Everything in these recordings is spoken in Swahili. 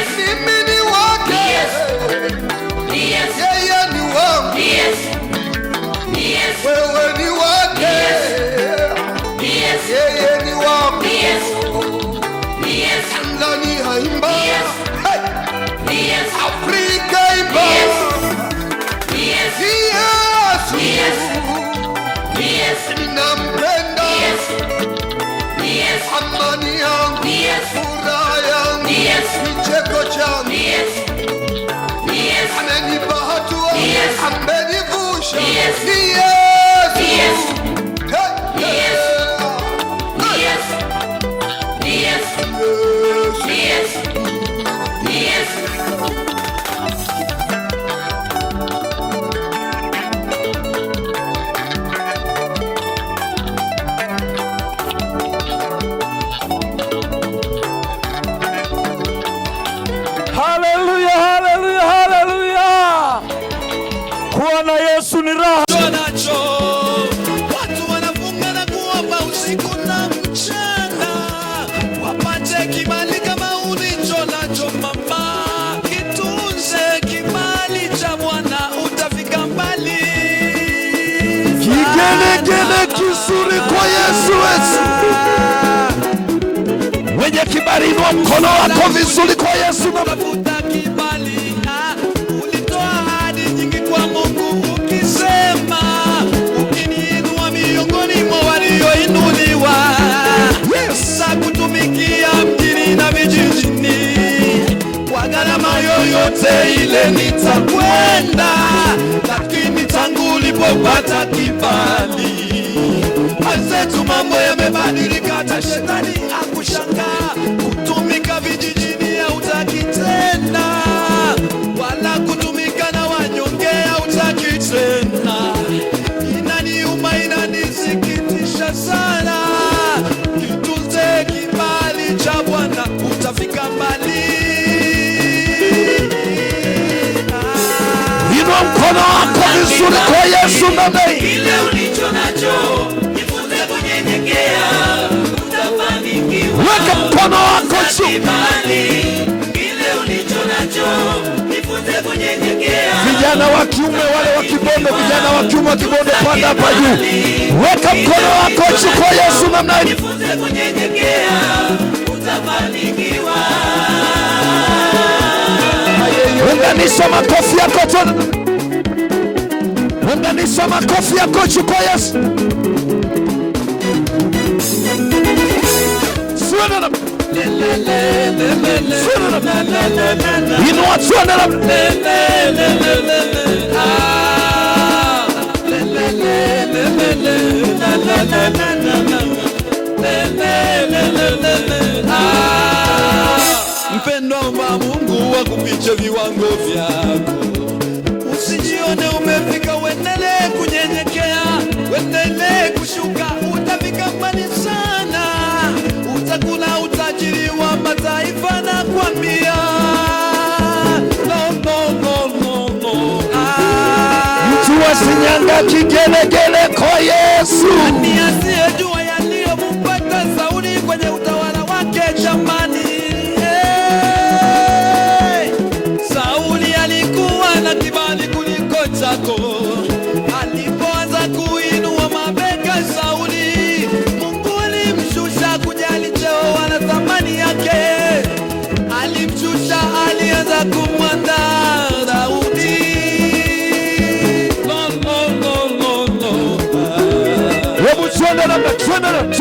Yes. Ni mimi wake. Yes. Yes. Yeye ni wangu. Yes. Yes. Wewe ni wake. Yes. Yeye ni wangu. Yes. Yes. Tanzania imba. Yes. Hey. Yes. Afrika imba. Yes. I'm begging for mzuri kwa Yesu Yesu. Wenye kibali inua mkono wako vizuri kwa Yesu. Tafuta kibali, ulitoa ahadi nyingi kwa Mungu ukisema, ukiniinua miongoni mwa walioinuliwa za kutumikia mjini na vijijini, kwa gharama yoyote ile nitakwenda, lakini tangu ulipopata kibali mwenzetu mambo yamebadilika, hata shetani akushangaa. Kutumika vijijini hautaki tena, wala kutumika na wanyonge hautaki tena. Inaniuma, inanisikitisha sana. Kitunze kibali cha Bwana, utafika mbali. Inua mkono wako vizuri kwa Yesu na ile ulicho nacho Weka mkono wako juu. Vijana wa kiume wale wa Kibondo, vijana wa kiume wa Kibondo, panda hapa juu, weka mkono wako juu kwa Yesu namna hii. Unganisha makofi yako tena, unganisha makofi yako juu kwa Yesu. Inua tuone labda mpendo wa Mungu wa kupicha viwango vyako, usijione umefika, wendelee kunyenyekea, wendelee kushuka taifa na kwambia wa ah. Shinyanga kigelegele kwa Yesu. Ani asiyejua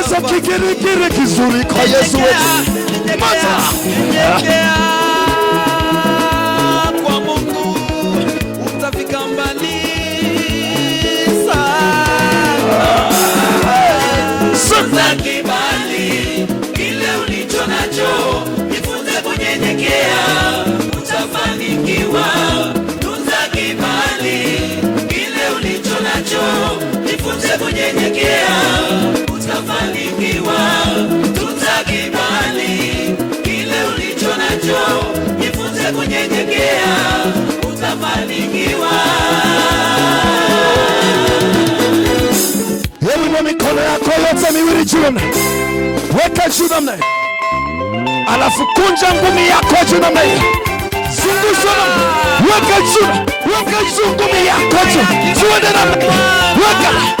Ongeza kigirigiri kizuri kwa Yesu wetu. Mata kwa Mungu utafika mbali sana. Kibali kile ulicho nacho, jifunze kunyenyekea, utafanikiwa. Tunza kibali kile ulicho nacho, jifunze kunyenyekea tutafanikiwa, tutakibali kile ulicho nacho, jifunze kunyenyekea, utafanikiwa. Hebu mikono yako yote miwili juu, weka juu namna hii, alafu kunja ngumi yako juu namna hii, weka juu, weka juu ngumi yako juu, weka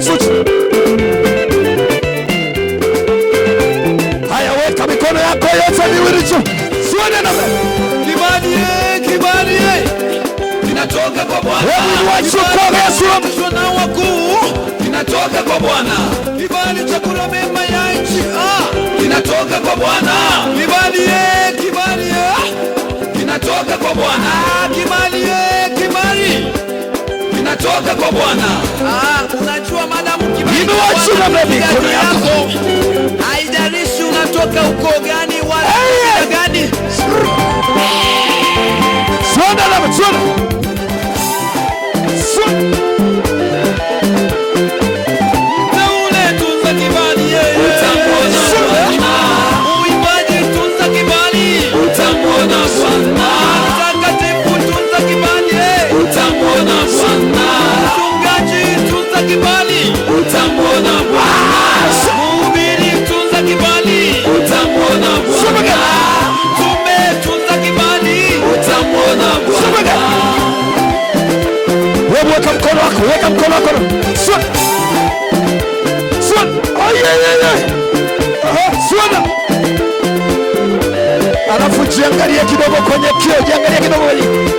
such... Haya, weka mikono yako yote miwili juu. Suone na kibali kibali kinatoka kwa Bwana. Wewe wachukua Yesu na wakuu kinatoka kwa Bwana. Kibali cha kula mema ya nchi ah, kinatoka kwa Bwana. Kibali kibali ah. kinatoka kwa Bwana. Ah, kibali kutoka kwa Bwana. Ah, Unajua madamu kimekuwa na mikono yako, haijalishi unatoka uko gani wala gani, swada la swada Jiangalie kidogo kwenye kio, jiangalie kidogo kwenye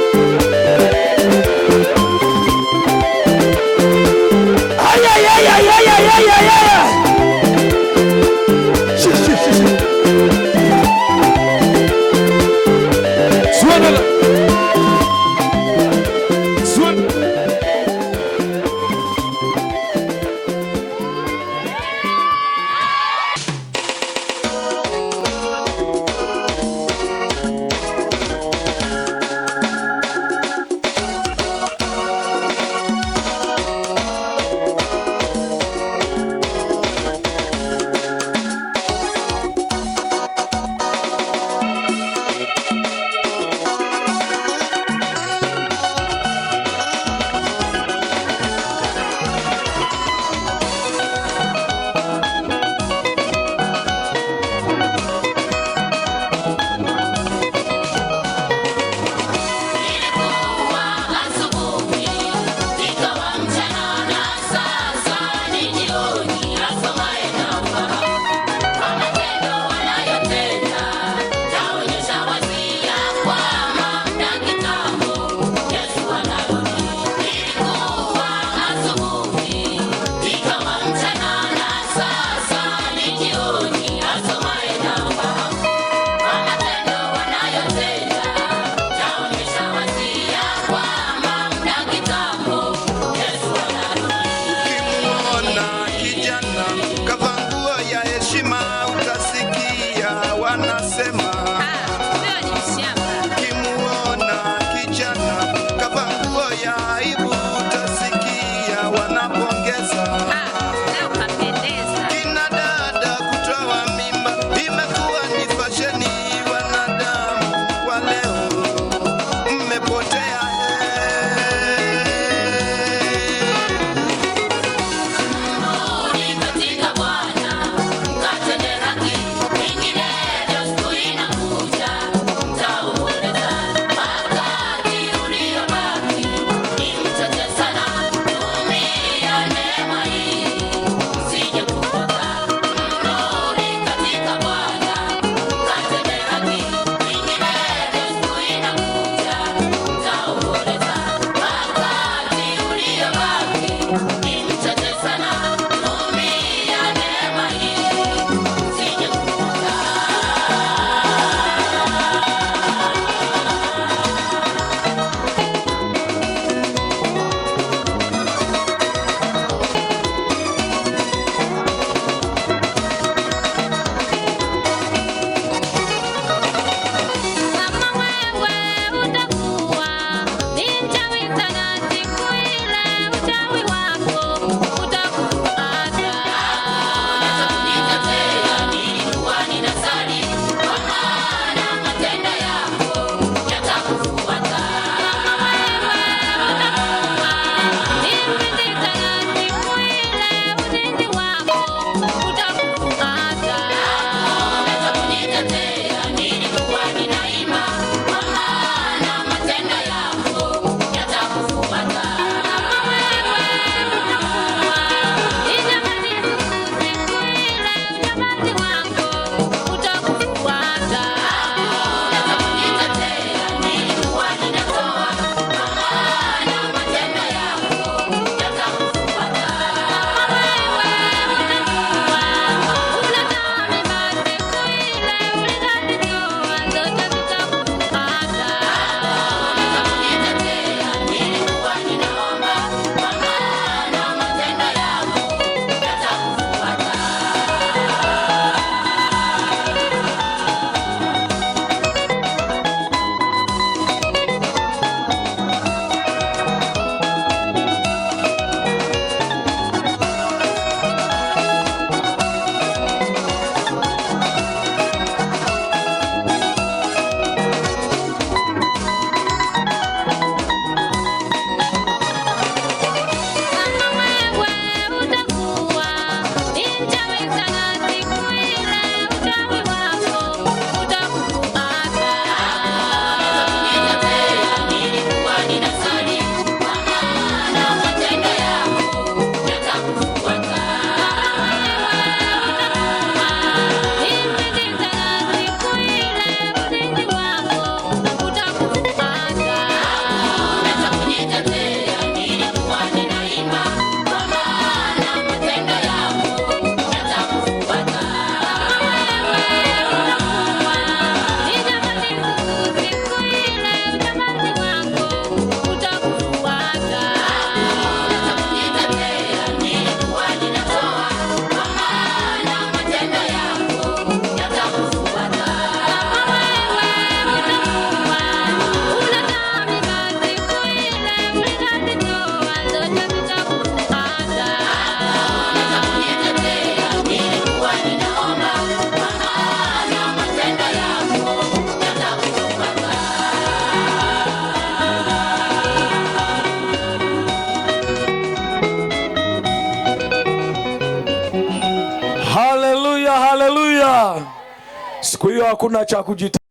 hakuna cha kujita